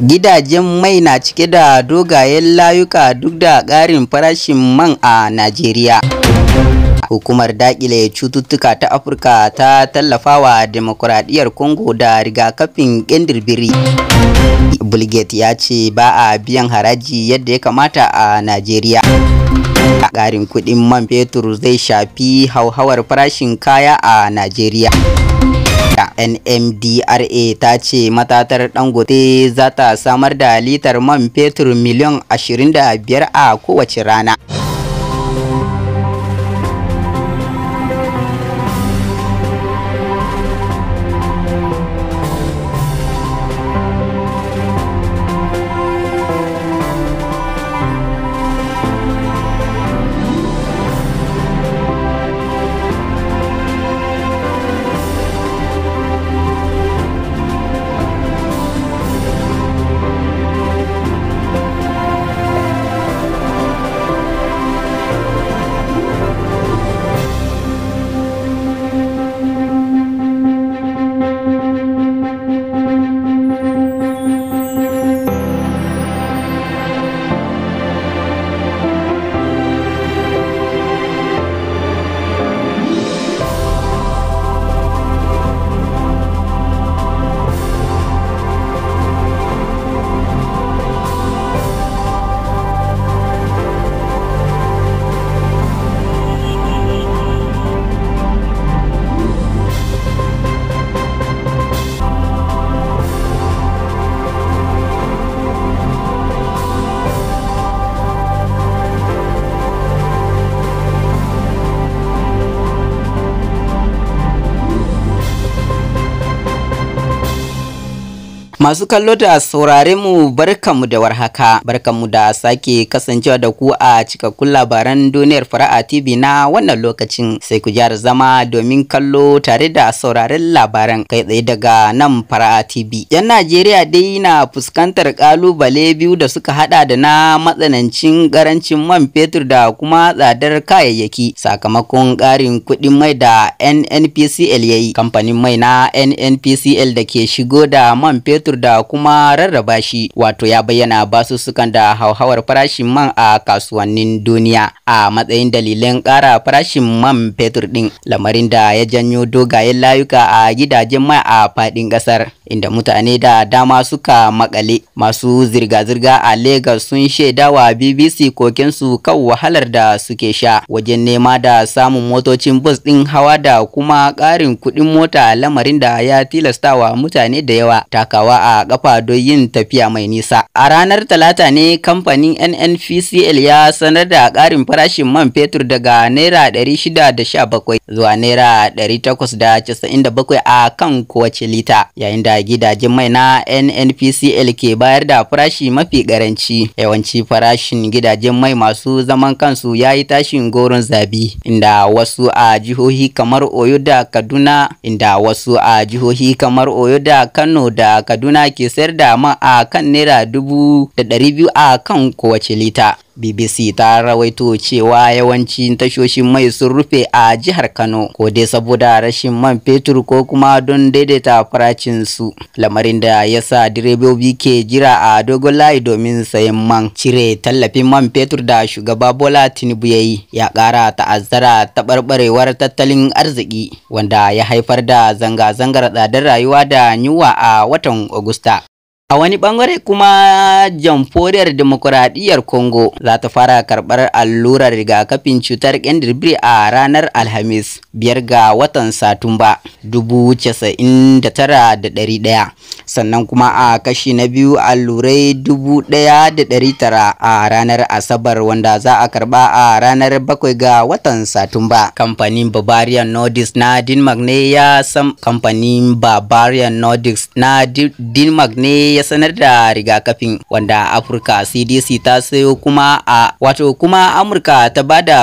Gidajen mai na cike da dogayen layuka duk da ƙarin farashin man a Najeriya. Hukumar daƙile cututtuka ta Afirka ta tallafawa demokuraɗiyyar Congo da rigakafin ƙindirbiri. Bulget ya ce ba a biyan haraji yadda ya kamata a Najeriya. Ƙarin kuɗin man fetur zai shafi hauhawar farashin kaya a Najeriya. NMDRA ta ce matatar Dangote za ta samar da litar man fetur miliyan 25 a kowace rana. Masu kallo da saurare mu mu da warhaka, mu da sake kasancewa da ku a cikakkun labaran duniyar fara'a TV na wannan lokacin sai ku gyara zama domin kallo tare da sauraren labaran kai tsaye daga nan fara'a TV. Yan Najeriya dai na fuskantar kalubale biyu da suka hada da na matsanancin karancin man fetur da kuma tsadar kayayyaki sakamakon karin kuɗin mai da NNPCL yayi kamfanin mai na NNPCL da ke shigo da man fetur da kuma rarraba shi wato ya bayyana basussukan da hauhawar farashin man a kasuwannin duniya a matsayin dalilin ƙara farashin man fetur ɗin lamarin da ya janyo dogayen layuka a gidajen mai a faɗin ƙasar inda mutane da dama suka makale masu zirga-zirga a Legas sun shaida wa BBC kokensu kan wahalar da suke sha wajen nema da samun motocin bus ɗin hawa da kuma ƙarin kuɗin mota lamarin da ya tilasta wa mutane da yawa takawa a ƙafa don yin tafiya mai nisa. A ranar Talata ne kamfanin NNPCL ya sanar da ƙarin farashin man fetur daga Naira 617 zuwa Naira 897 a kan kowace lita, yayin da gidajen mai na NNPCL ke bayar da farashi mafi ƙaranci. Yawanci farashin gidajen mai masu zaman kansu ya yi tashin goron zabi, inda wasu a jihohi kamar Oyo da Kaduna, inda wasu a jihohi kamar Oyo da Kano da Kaduna Kaduna ke sayar da man a kan naira dubu da ɗari biyu a kan kowace lita. BBC ta rawaito cewa yawancin tashoshin mai sun rufe a jihar Kano ko dai saboda rashin man fetur ko kuma don daidaita farashin su lamarin da ya sa direbobi ke jira a dogon layi domin sayan man cire tallafin man fetur da shugaba Bola Tinubu ya yi ya ƙara ta'azzara taɓarɓarewar tattalin arziki wanda ya haifar da zanga-zangar tsadar rayuwa da yunwa a watan Agusta A wani bangare kuma jamforiyar demokuraɗiyyar Congo za ta fara karɓar allurar rigakafin cutar ƙyandirbiri a ranar Alhamis biyar ga watan Satumba dubu casa'in da tara da ɗari ɗaya. Sannan kuma a kashi na biyu allurai dubu ɗaya da ɗari tara a ranar Asabar wanda za a karɓa a ranar bakwai ga watan Satumba. Kamfanin Bavarian Nordics na Denmark ne ya sam kamfanin Bavarian Nordics na Denmark ne ya sanar da rigakafin wanda Afirka CDC ta sayo kuma a wato kuma Amurka ta bada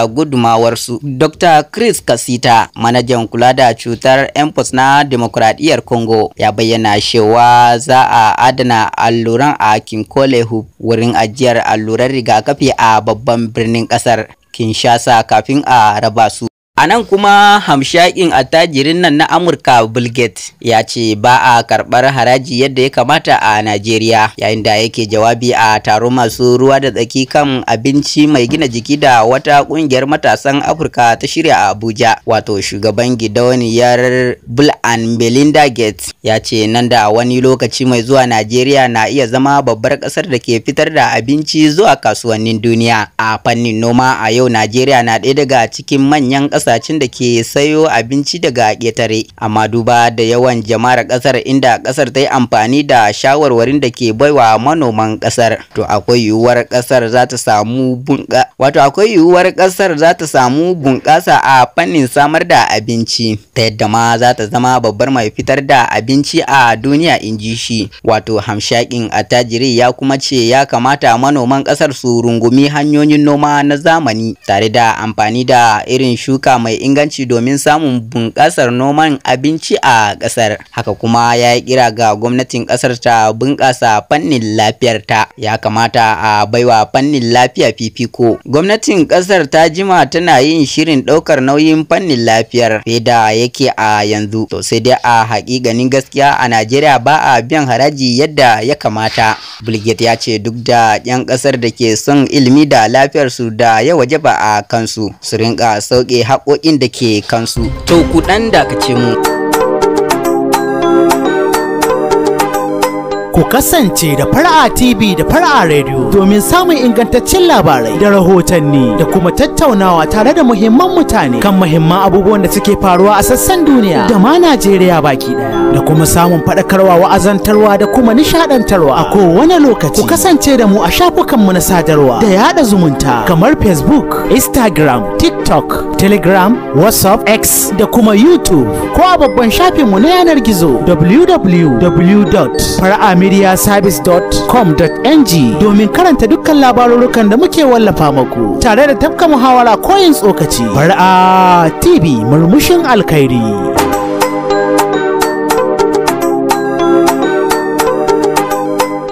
su Dr. Chris Kasita, manajan kula da cutar MPOS na Demokradiyyar Congo, ya bayyana cewa za a adana alluran a Kinkole hub wurin ajiyar alluran rigakafi a babban birnin kasar Kinshasa kafin a raba su. A nan kuma hamshakin attajirin nan na Amurka Bill Gates ya ce ba a karɓar haraji yadda ya kamata a Najeriya yayin da yake jawabi a taron masu ruwa da tsaki kan abinci mai gina jiki da wata ƙungiyar matasan Afirka ta shirya a Abuja. Wato shugaban gidauniyar Bill and Melinda Gates ya ce nan da wani lokaci mai zuwa Najeriya na iya zama babbar ƙasar da ke fitar da abinci zuwa kasuwannin duniya. A fannin noma a yau Najeriya na ɗaya daga cikin manyan ƙasa. kasashen da ke sayo abinci daga ƙetare amma duba da yawan jama'ar ƙasar inda ƙasar ta yi amfani da shawarwarin da ke baiwa manoman ƙasar to akwai yiwuwar ƙasar za ta samu bunƙa wato akwai yiwuwar ƙasar za ta samu bunƙasa a fannin samar da abinci ta yadda ma za ta zama babbar mai fitar da abinci a duniya in ji shi wato hamshakin attajiri ya kuma ce ya kamata manoman ƙasar su rungumi hanyoyin noma na zamani tare da amfani da irin shuka mai inganci domin samun bunƙasar noman abinci a ƙasar. Haka kuma ya yi kira ga gwamnatin ƙasar ta bunƙasa fannin lafiyar ta. Ya kamata a baiwa fannin lafiya fifiko. Gwamnatin ƙasar ta jima tana yin shirin ɗaukar nauyin fannin lafiyar da yake a yanzu. To sai dai a haƙiƙanin gaskiya a Najeriya ba a biyan haraji yadda ya kamata. bulget ya ce duk da 'yan ƙasar da ke son ilimi da lafiyarsu da ya waje ba a kansu su rinƙa sauƙe haƙ haƙoƙin da ke kansu to ku ɗan ce mu ku kasance da Far'a tv da Far'a radio domin samun ingantaccen labarai da rahotanni da kuma tattaunawa tare da muhimman mutane kan muhimman abubuwan da suke faruwa a sassan duniya da ma najeriya baki daya da kuma samun faɗakarwa wa'azantarwa da kuma nishaɗantarwa a kowane lokaci ku kasance da mu a shafukanmu na sadarwa da yaɗa zumunta kamar facebook instagram tiktok telegram whatsapp x da kuma youtube ko a babban shafinmu na yanar gizo www.fara'ami mediaservice.com.ng domin karanta dukkan labarurukan da muke wallafa muku tare da tafka muhawara ko yin tsokaci. Bar'a TV murmushin alkhairi.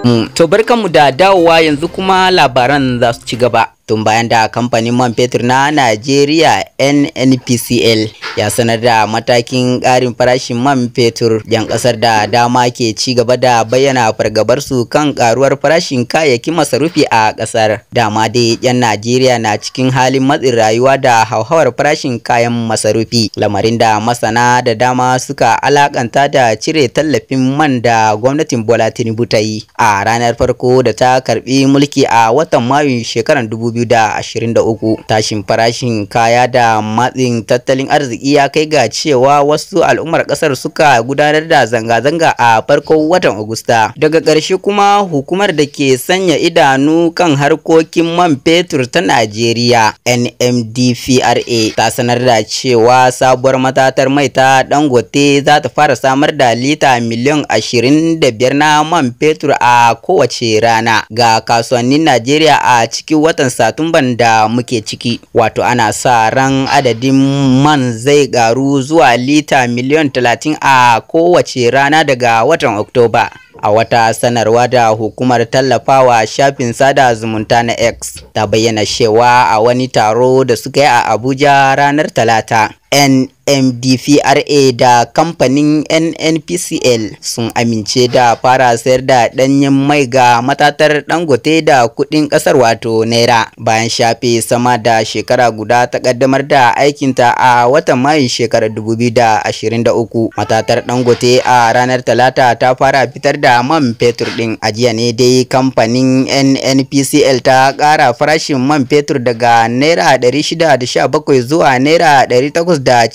Mm, to barkanmu da dawowa yanzu kuma labaran za su ci gaba. tun bayan da kamfanin man fetur na najeriya nnpcl ya sanar da matakin ƙarin farashin man fetur yan ƙasar da dama ke ci gaba da bayyana fargabar su kan ƙaruwar farashin kayayyakin masarufi a ƙasar dama dai yan najeriya na cikin halin matsin rayuwa da hauhawar farashin kayan masarufi lamarin da masana da dama suka alakanta da cire tallafin man da gwamnatin bola tinubu ta yi a ranar farko da ta karbi mulki a watan Mayu shekarar dubu 2023 tashin farashin kaya da matsin tattalin arziki ya kai ga cewa wasu al'ummar kasar suka gudanar da zanga-zanga a farkon watan agusta daga ƙarshe kuma hukumar da ke sanya idanu kan harkokin man fetur ta najeriya nmdpra ta sanar da cewa sabuwar matatar mai ta dangote za ta fara samar da lita miliyan 25 na man fetur a kowace rana ga kasuwannin najeriya a cikin watan satumban da muke ciki wato ana sa ran adadin man zai garu zuwa lita miliyan 30 a kowace rana daga watan oktoba a wata sanarwa da hukumar tallafawa shafin sada zumunta na x ta bayyana cewa a wani taro da suka yi a abuja ranar talata nmdpra da kamfanin nnpcl sun amince da fara sayar da danyen mai ga matatar dangote da kudin kasar wato naira bayan shafe sama da shekara guda ta kaddamar da aikinta a watan mayu shekarar 2023 matatar dangote a ranar talata ta fara fitar da man fetur din jiya ne dai kamfanin nnpcl ta kara farashin man fetur daga naira 617 zuwa naira 800 Da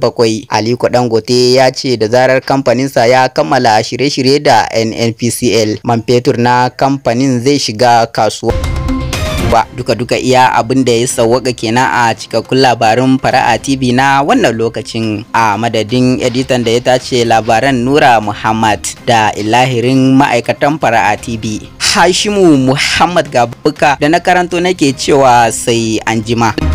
bakwai, aliko dangote ya ce da zarar kamfaninsa ya kammala shirye-shirye da nnpcl man fetur na kamfanin zai shiga kasuwa ba duka-duka iya abin da ya sawwaka kenan a cikakkun labarin fara'a tv na wannan lokacin a madadin editan da ya tace labaran nura muhammad da ilahirin ma'aikatan fara'a tv hashimu muhammad gabuka da na karanto nake cewa sai anjima.